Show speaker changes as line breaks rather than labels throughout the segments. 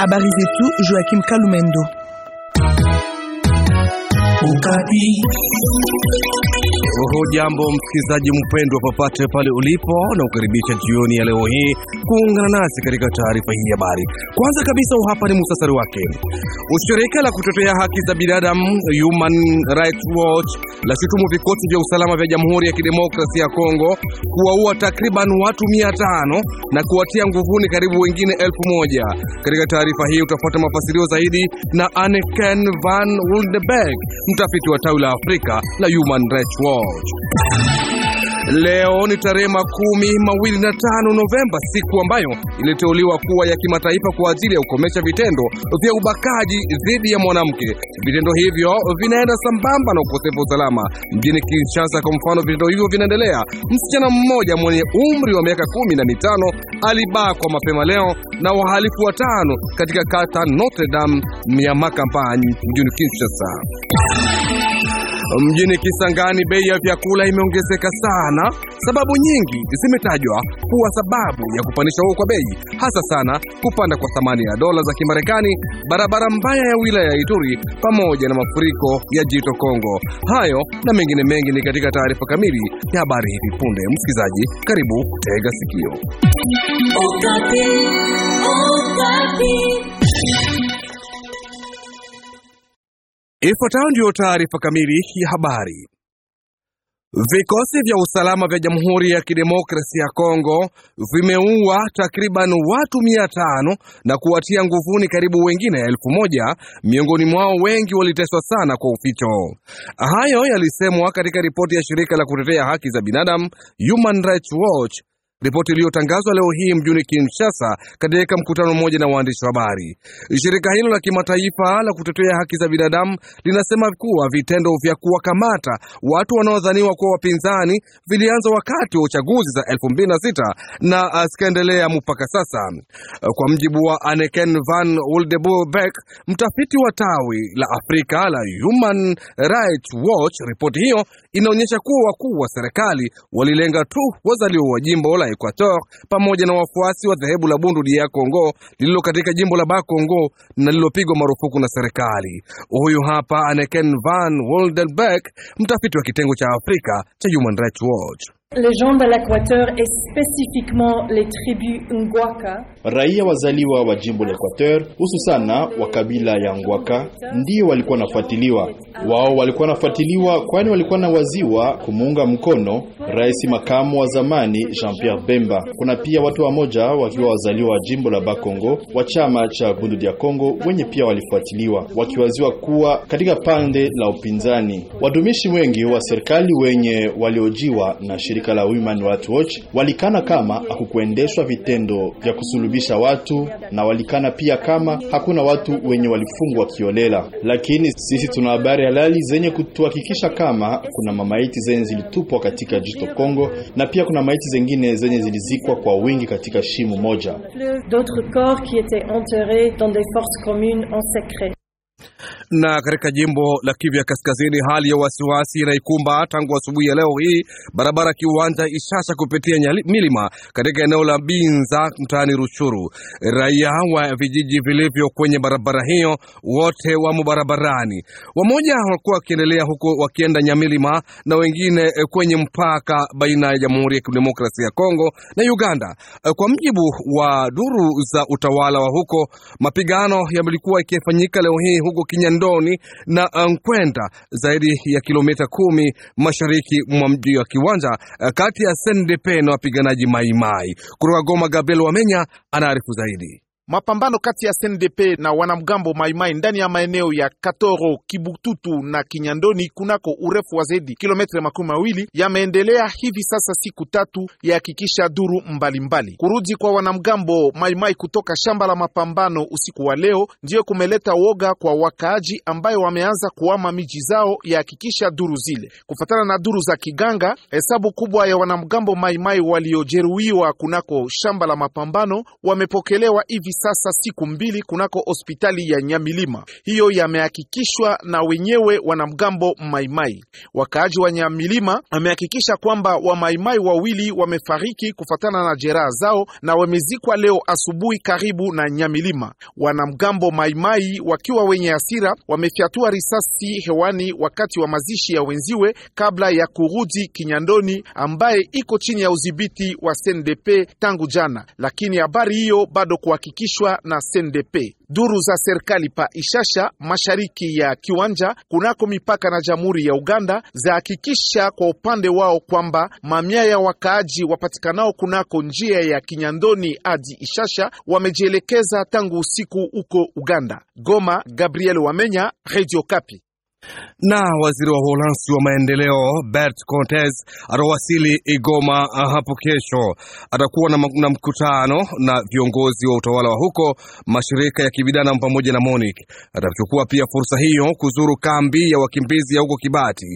A barize tout, Joachim Kaloumendo jambo msikilizaji mpendwa, popote pale ulipo, na ukaribisha jioni ya leo hii kuungana nasi katika taarifa hii ya habari. Kwanza kabisa, uhapa ni muhtasari wake. Ushirika la kutetea haki za binadamu Human Rights Watch lashutumu vikosi vya usalama vya Jamhuri ya Kidemokrasia ya Kongo kuwaua takriban watu mia tano na kuwatia nguvuni karibu wengine elfu moja. Katika taarifa hii utapata mafasilio zaidi na Anneken van Wildenberg, mtafiti wa tawi la Afrika la Human Rights Watch. Leo ni tarehe makumi mawili na tano Novemba, siku ambayo iliteuliwa kuwa ya kimataifa kwa ajili ya kukomesha vitendo vya ubakaji dhidi ya mwanamke. Vitendo hivyo vinaenda sambamba na ukosefu wa usalama mjini Kinshasa. Kwa mfano, vitendo hivyo vinaendelea. Msichana mmoja mwenye umri wa miaka kumi na mitano alibakwa mapema leo na wahalifu watano katika kata Notre Dame ya Makampani mjini Kinshasa. Mjini Kisangani bei ya vyakula imeongezeka sana. Sababu nyingi zimetajwa kuwa sababu ya kupandisha huo kwa bei, hasa sana kupanda kwa thamani ya dola za Kimarekani, barabara mbaya ya wilaya ya Ituri pamoja na mafuriko ya Jito Kongo. Hayo na mengine mengi ni katika taarifa kamili ya habari hivi punde. Msikilizaji, karibu tega sikio. Okapi, Okapi. Ifuatayo ndiyo taarifa kamili ya habari. Vikosi vya usalama vya Jamhuri ya Kidemokrasia ya Kongo vimeua takriban watu mia tano na kuwatia nguvuni karibu wengine elfu moja. Miongoni mwao wengi waliteswa sana kwa uficho. Hayo yalisemwa katika ripoti ya shirika la kutetea haki za binadamu Human Rights Watch ripoti iliyotangazwa leo hii mjini Kinshasa katika mkutano mmoja na waandishi wa habari. Shirika hilo la kimataifa la kutetea haki za binadamu linasema kuwa vitendo vya kuwakamata watu wanaodhaniwa kuwa wapinzani vilianza wakati wa uchaguzi za 2006 na zikaendelea mpaka sasa. Kwa mjibu wa Anneken van Wildeburg, mtafiti wa tawi la Afrika la Human Rights Watch, ripoti hiyo inaonyesha kuwa wakuu wa serikali walilenga tu wazaliwa wa jimbo la Equator pamoja na wafuasi wa dhehebu la Bundu dia Kongo lililo katika jimbo la Bakongo na lililopigwa marufuku na serikali. Huyu hapa Anneken van Woldenberg, mtafiti wa kitengo cha Afrika cha Human Rights Watch. Les gens de l'Équateur et spécifiquement les tribus Ngwaka Raia wazaliwa wa jimbo la Equateur,
sana wa kabila ya Ngwaka, ndio walikuwa nafuatiliwa. Wao walikuwa nafuatiliwa kwani walikuwa na waziwa kumuunga mkono rais makamu wa zamani Jean-Pierre Bemba. Kuna pia watu wamoja wakiwa wazaliwa wa jimbo la Bakongo wa chama cha Bundu dia Kongo, wenye pia walifuatiliwa wakiwaziwa kuwa katika pande la upinzani. Watumishi wengi wa serikali wenye waliojiwa na shirika la Human Rights Watch walikana kama akukuendeshwa vitendo vya kusulubi kutambulisha watu na walikana pia kama hakuna watu wenye walifungwa kiolela, lakini sisi tuna habari halali zenye kutuhakikisha kama kuna mamaiti zenye zilitupwa katika jito Kongo na pia kuna maiti zengine zenye zilizikwa kwa wingi katika shimo moja.
Na katika jimbo la Kivu ya Kaskazini, hali ya wasiwasi inaikumba tangu asubuhi ya leo hii barabara kiwanja Ishasha kupitia nyali, milima katika eneo la Binza mtaani Ruchuru. Raia wa vijiji vilivyo kwenye barabara hiyo wote wamo barabarani. Wamoja walikuwa wakiendelea huko wakienda Nyamilima na wengine eh, kwenye mpaka baina ya Jamhuri ya Kidemokrasia ya Kongo na Uganda. Eh, kwa mjibu wa duru za utawala wa huko, mapigano yalikuwa yakifanyika leo hii huko Kinyan Ndoni na uh, Nkwenda, zaidi ya kilomita kumi mashariki mwa mji wa Kiwanja, uh, kati ya SNDP na wapiganaji Maimai. Kutoka Goma, Gabriel Wamenya anaarifu zaidi.
Mapambano kati ya SNDP na wanamgambo Maimai ndani ya maeneo ya Katoro, Kibututu na Kinyandoni kunako urefu wa zaidi kilometre makumi mawili yameendelea hivi sasa siku tatu, yahakikisha duru mbalimbali mbali. Kurudi kwa wanamgambo Maimai kutoka shamba la mapambano usiku wa leo ndiyo kumeleta woga kwa wakaaji ambayo wameanza kuama miji zao, yahakikisha duru zile. Kufatana na duru za kiganga, hesabu kubwa ya wanamgambo Maimai waliojeruhiwa kunako shamba la mapambano wamepokelewa hivi sasa siku mbili kunako hospitali ya Nyamilima. Hiyo yamehakikishwa na wenyewe wanamgambo Maimai. Wakaaji wa Nyamilima amehakikisha kwamba wamaimai wawili wamefariki kufatana na jeraha zao na wamezikwa leo asubuhi karibu na Nyamilima. Wanamgambo Maimai wakiwa wenye hasira wamefyatua risasi hewani wakati wa mazishi ya wenziwe kabla ya kurudi Kinyandoni ambaye iko chini ya udhibiti wa SNDP tangu jana, lakini habari hiyo bado kuhakikisha kuhusishwa na CNDP. Duru za serikali pa Ishasha mashariki ya kiwanja kunako mipaka na Jamhuri ya Uganda zahakikisha kwa upande wao kwamba mamia ya wakaaji wapatikanao kunako njia ya Kinyandoni hadi Ishasha wamejielekeza tangu usiku huko Uganda. Goma, Gabriel Wamenya, Radio Kapi.
Na waziri wa Uholanzi wa maendeleo Bert contes atawasili Igoma ah, hapo kesho. Atakuwa na mkutano na viongozi wa utawala wa huko, mashirika ya kibinadamu pamoja na MONIC. Atachukua pia fursa hiyo kuzuru kambi ya wakimbizi ya huko Kibati.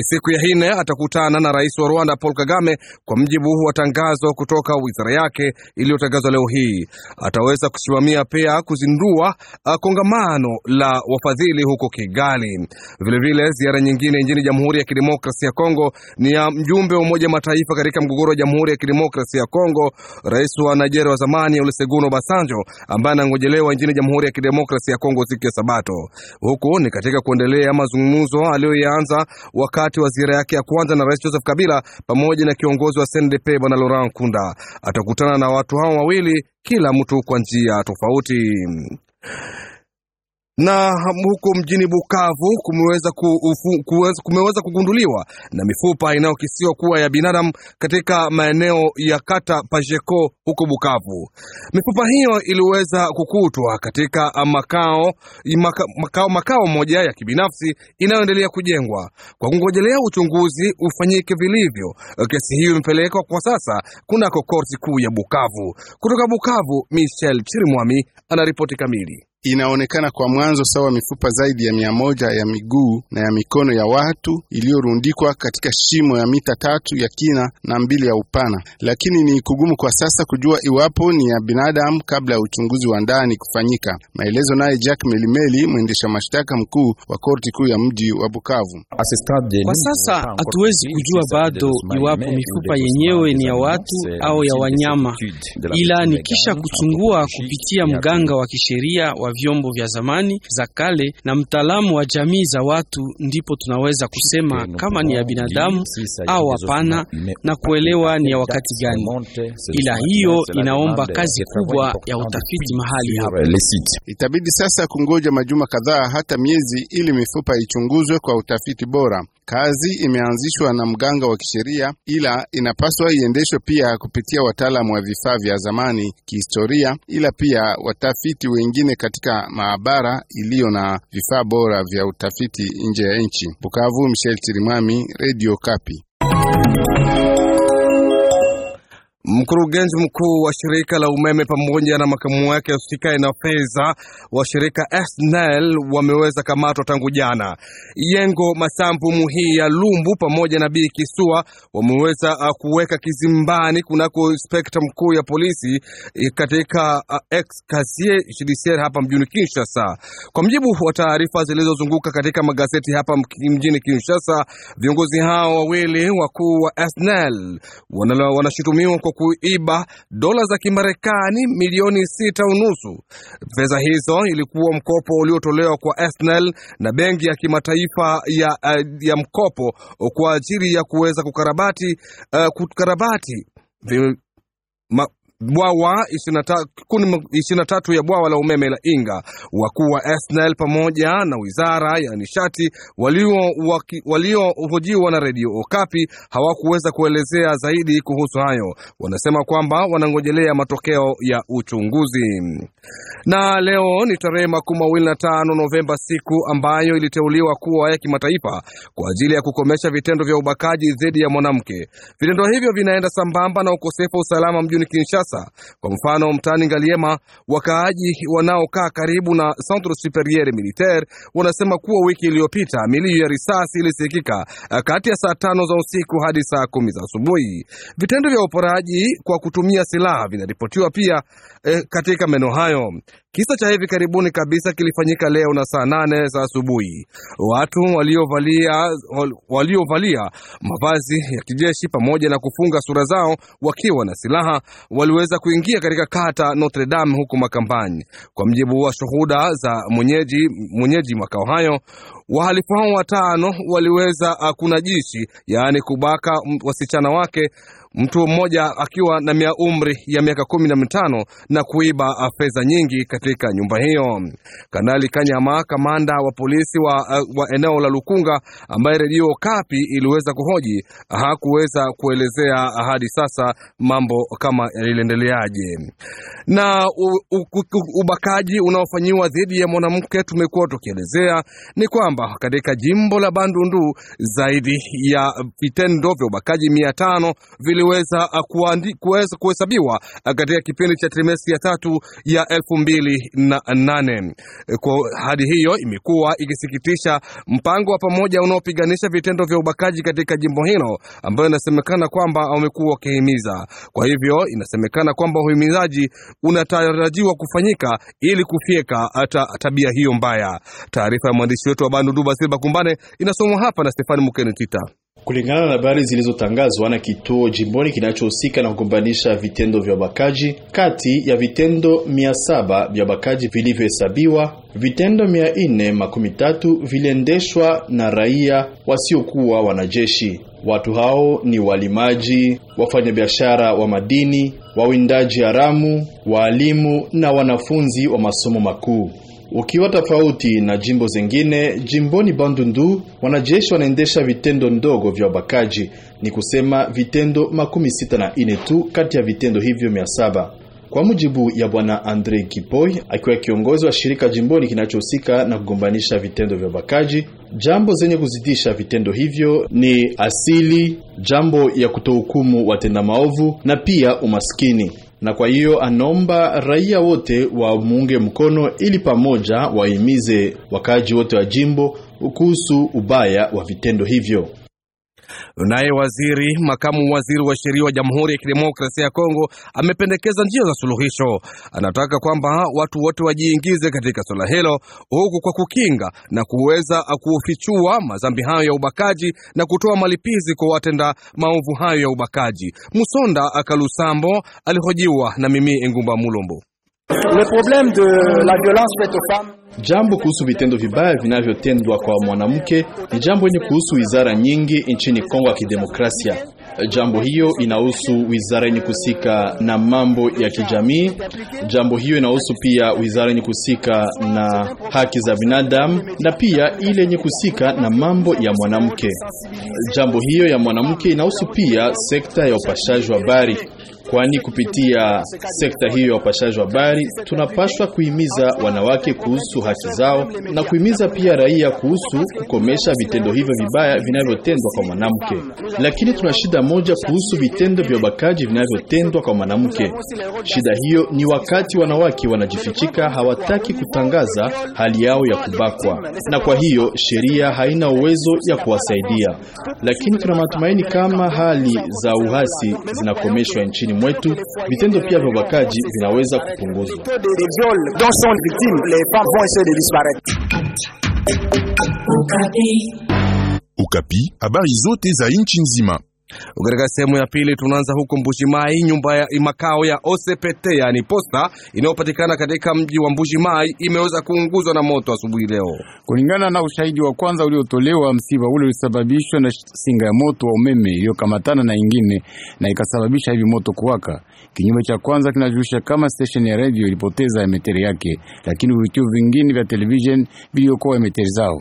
Siku ya nne atakutana na rais wa Rwanda Paul Kagame, kwa mjibu wa tangazo kutoka wizara yake iliyotangazwa leo hii. Ataweza kusimamia pia kuzindua ah, kongamano la wafadhili huko Kigali. Vilevile ziara nyingine nchini Jamhuri ya Kidemokrasia ya Kongo ni ya mjumbe wa Umoja Mataifa katika mgogoro wa Jamhuri ya Kidemokrasia ya Kongo, rais wa Nigeria wa zamani Olusegun Obasanjo ambaye anangojelewa nchini Jamhuri ya Kidemokrasia ya Kongo siku ya Sabato. Huku ni katika kuendelea mazungumzo aliyoyaanza wakati wa ziara yake ya kwanza na Rais Joseph Kabila pamoja na kiongozi wa CNDP Bwana Laurent Nkunda. Atakutana na watu hao wawili, kila mtu kwa njia tofauti na huko mjini Bukavu kumeweza, kufu, kuweza, kumeweza kugunduliwa na mifupa inayokisiwa kuwa ya binadamu katika maeneo ya kata Pajeko huko Bukavu. Mifupa hiyo iliweza kukutwa katika makao, maka, makao, makao moja ya kibinafsi inayoendelea kujengwa kwa kungojelea uchunguzi ufanyike vilivyo. Kesi hiyo imepelekwa kwa sasa kunako korti kuu ya Bukavu. Kutoka Bukavu, Michel Chirimwami anaripoti kamili
inaonekana kwa mwanzo sawa mifupa zaidi ya mia moja ya miguu na ya mikono ya watu iliyorundikwa katika shimo ya mita tatu ya kina na mbili ya upana, lakini ni kugumu kwa sasa kujua iwapo ni ya binadamu kabla ya uchunguzi wa ndani kufanyika. Maelezo naye Jack Melimeli, mwendesha mashtaka mkuu wa korti kuu ya mji wa Bukavu. Kwa
sasa hatuwezi kujua bado iwapo mifupa yenyewe ni ya watu au ya wanyama, ila ni kisha kuchungua kupitia mganga wa kisheria wa vyombo vya zamani za kale na mtaalamu wa jamii za watu, ndipo tunaweza kusema kama ni ya binadamu au hapana, na kuelewa ni ya wakati gani. Ila hiyo inaomba kazi kubwa ya utafiti mahali hapa. Itabidi
sasa kungoja majuma kadhaa hata miezi, ili mifupa ichunguzwe kwa utafiti bora. Kazi imeanzishwa na mganga wa kisheria, ila inapaswa iendeshwe pia kupitia wataalamu wa vifaa vya zamani kihistoria, ila pia watafiti wengine katika maabara iliyo na vifaa bora vya utafiti nje ya nchi. Bukavu, Michel tirimami
Radio Kapi. Mkurugenzi mkuu wa shirika la umeme pamoja na makamu wake usikae na fedha wa shirika SNEL wameweza kamatwa tangu jana. Yengo Masambu Muhii ya Lumbu pamoja na Bi Kisua wameweza uh, kuweka kizimbani kunako inspekta mkuu ya polisi eh, katika uh, ex kasie judiciaire hapa mjini Kinshasa. Kwa mjibu wa taarifa zilizozunguka katika magazeti hapa mjini Kinshasa, viongozi hao wawili wakuu wa SNEL wanashutumiwa kuiba dola za Kimarekani milioni sita unusu. Fedha hizo ilikuwa mkopo uliotolewa kwa SNL na benki ya kimataifa ya, eh, ya mkopo kwa ajili ya kuweza kukarabati, uh, kukarabati bwawa ishirini na tatu ya bwawa la umeme la Inga. Wakuu wa SNEL pamoja na wizara ya nishati waliohojiwa walio na redio Okapi hawakuweza kuelezea zaidi kuhusu hayo. Wanasema kwamba wanangojelea matokeo ya uchunguzi. Na leo ni tarehe makumi mawili na tano Novemba, siku ambayo iliteuliwa kuwa ya kimataifa kwa ajili ya kukomesha vitendo vya ubakaji dhidi ya mwanamke. Vitendo hivyo vinaenda sambamba na ukosefu wa usalama mjini Kinshasa Kinshasa. Kwa mfano, mtaani Ngaliema, wakaaji wanaokaa karibu na Centre Superieur Militaire wanasema kuwa wiki iliyopita milio ya risasi ilisikika eh, kati ya saa tano za usiku hadi saa kumi za asubuhi. Vitendo vya uporaji kwa kutumia silaha vinaripotiwa pia eh, katika maeneo hayo. Kisa cha hivi karibuni kabisa kilifanyika leo na saa nane za asubuhi. Watu waliovalia waliovalia mavazi ya kijeshi pamoja na kufunga sura zao wakiwa na silaha waliweza kuingia katika kata Notre Dame huko Makambani. Kwa mjibu wa shuhuda za mwenyeji mwenyeji makao hayo, wahalifu hao watano waliweza ah, kuna jishi, yaani kubaka wasichana wake mtu mmoja akiwa na mia umri ya miaka kumi na mitano na kuiba uh, fedha nyingi katika nyumba hiyo. Kanali Kanyama, kamanda wa polisi wa, uh, wa eneo la Lukunga, ambaye redio Kapi iliweza kuhoji, hakuweza kuelezea hadi sasa mambo kama yaliendeleaje. Na u, u, u, ubakaji unaofanyiwa dhidi ya mwanamke, tumekuwa tukielezea ni kwamba katika jimbo la Bandundu zaidi ya vitendo vya ubakaji mia tano vile iliweza ah, kuhesabiwa ah, katika kipindi cha trimesti ya tatu ya elfu mbili na nane. Eh, kwa hadi hiyo imekuwa ikisikitisha mpango wa pamoja unaopiganisha vitendo vya ubakaji katika jimbo hilo ambayo inasemekana kwamba wamekuwa wakihimiza. Kwa hivyo inasemekana kwamba uhimizaji unatarajiwa kufanyika ili kufyeka hata tabia hiyo mbaya. Taarifa ya mwandishi wetu wa Bandu Duba Silba Kumbane inasomwa hapa na Stefani Mukeni
Kulingana na habari zilizotangazwa na kituo jimboni kinachohusika na kugombanisha vitendo vya ubakaji, kati ya vitendo mia saba vya ubakaji vilivyohesabiwa, vitendo mia nne makumi tatu viliendeshwa na raia wasiokuwa wanajeshi. Watu hao ni walimaji, wafanyabiashara wa madini, wawindaji haramu, waalimu na wanafunzi wa masomo makuu. Ukiwa tofauti na jimbo zingine, jimboni Bandundu wanajeshi wanaendesha vitendo ndogo vya ubakaji, ni kusema vitendo makumi sita na ine tu kati ya vitendo hivyo mia saba kwa mujibu ya bwana Andre Kipoi, akiwa kiongozi wa shirika jimboni kinachohusika na kugombanisha vitendo vya ubakaji. Jambo zenye kuzidisha vitendo hivyo ni asili, jambo ya kutohukumu watenda maovu na pia umaskini na kwa hiyo anaomba raia wote wamuunge mkono ili pamoja wahimize wakaaji wote wa jimbo kuhusu ubaya wa vitendo hivyo.
Naye waziri makamu waziri wa sheria wa Jamhuri ya Kidemokrasia ya Kongo amependekeza njia za suluhisho. Anataka kwamba watu wote wajiingize katika swala hilo, huku kwa kukinga na kuweza kufichua mazambi hayo ya ubakaji na kutoa malipizi kwa watenda maovu hayo ya ubakaji. Musonda Akalusambo alihojiwa na mimi Engumba Mulombo.
Le problème de la violence faite aux femmes Jambo kuhusu vitendo vibaya vinavyotendwa kwa mwanamke ni jambo lenye kuhusu wizara nyingi nchini Kongo ya Kidemokrasia. Jambo hiyo inahusu wizara yenye kusika na mambo ya kijamii. Jambo hiyo inahusu pia wizara yenye kusika na haki za binadamu na pia ile yenye kusika na mambo ya mwanamke. Jambo hiyo ya mwanamke inahusu pia sekta ya upashaji wa habari kwani kupitia sekta hiyo ya upashaji wa habari tunapaswa kuhimiza wanawake kuhusu haki zao na kuhimiza pia raia kuhusu kukomesha vitendo hivyo vibaya vinavyotendwa kwa mwanamke. Lakini tuna shida moja kuhusu vitendo vya ubakaji vinavyotendwa kwa mwanamke. Shida hiyo ni wakati wanawake wanajifichika, hawataki kutangaza hali yao ya kubakwa, na kwa hiyo sheria haina uwezo ya kuwasaidia. Lakini tuna matumaini kama hali za uhasi zinakomeshwa nchini nchini mwetu, vitendo pia vya ubakaji vinaweza kupunguzwa.
Ukapi, habari zote za nchi nzima katika sehemu ya pili tunaanza huko mbuji Nyumba ya makao ya OCPT yani posta inayopatikana katika mji wa mbuji imeweza kuunguzwa na moto asubuhi leo. Kulingana na ushahidi wa kwanza uliotolewa, msiba ule ulisababishwa na singa ya moto wa umeme iliyokamatana na ingine na ikasababisha hivi moto kuwaka. Kinyume cha kwanza kinajulisha kama station ya radio ilipoteza emeteri yake, lakini vituo vingine vya television viliokoa emeteri zao.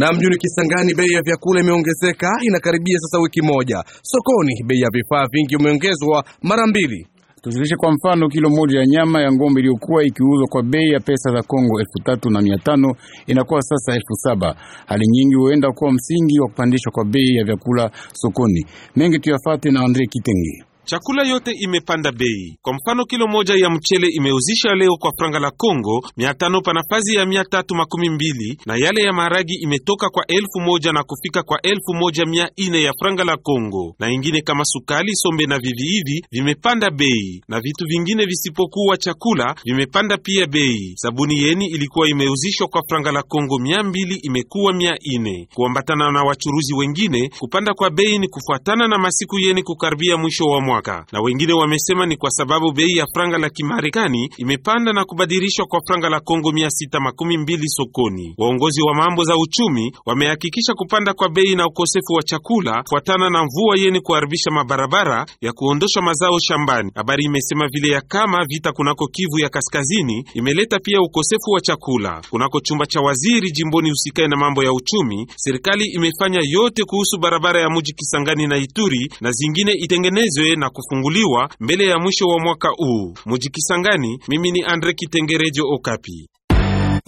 Na mjini Kisangani bei ya vyakula imeongezeka, inakaribia sasa wiki moja. Sokoni bei ya vifaa vingi imeongezwa mara mbili.
Tujulishe kwa mfano, kilo moja ya nyama ya ng'ombe iliyokuwa ikiuzwa kwa bei ya pesa za Kongo elfu tatu na mia tano inakuwa sasa elfu saba. Hali nyingi huenda kuwa
msingi wa kupandishwa kwa bei ya vyakula sokoni. Mengi tuyafate na Andre Kitenge.
Chakula yote imepanda bei. Kwa mfano, kilo moja ya mchele imeuzisha leo kwa franga la congo mia tano panafazi ya mia tatu makumi mbili na yale ya maharagi imetoka kwa elfu moja na kufika kwa elfu moja mia ine ya franga la congo na ingine kama sukali, sombe na viviivi vimepanda bei, na vitu vingine visipokuwa chakula vimepanda pia bei. Sabuni yeni ilikuwa imeuzishwa kwa franga la congo mia mbili imekuwa mia ine, kuambatana na wachuruzi wengine. Kupanda kwa bei ni kufuatana na masiku yeni kukaribia mwisho wa mwaka mwaka, na wengine wamesema ni kwa sababu bei ya franga la Kimarekani imepanda na kubadilishwa kwa franga la Kongo 612 sokoni. Waongozi wa mambo za uchumi wamehakikisha kupanda kwa bei na ukosefu wa chakula kufuatana na mvua yeni kuharibisha mabarabara ya kuondosha mazao shambani. Habari imesema vile ya kama vita kunako Kivu ya kaskazini imeleta pia ukosefu wa chakula. Kunako chumba cha waziri jimboni husikae na mambo ya uchumi, serikali imefanya yote kuhusu barabara ya muji Kisangani na Ituri na zingine itengenezwe na na kufunguliwa mbele ya mwisho wa mwaka huu. Mujikisangani, mimi ni Andre Kitengerejo, Okapi,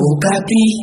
Okapi.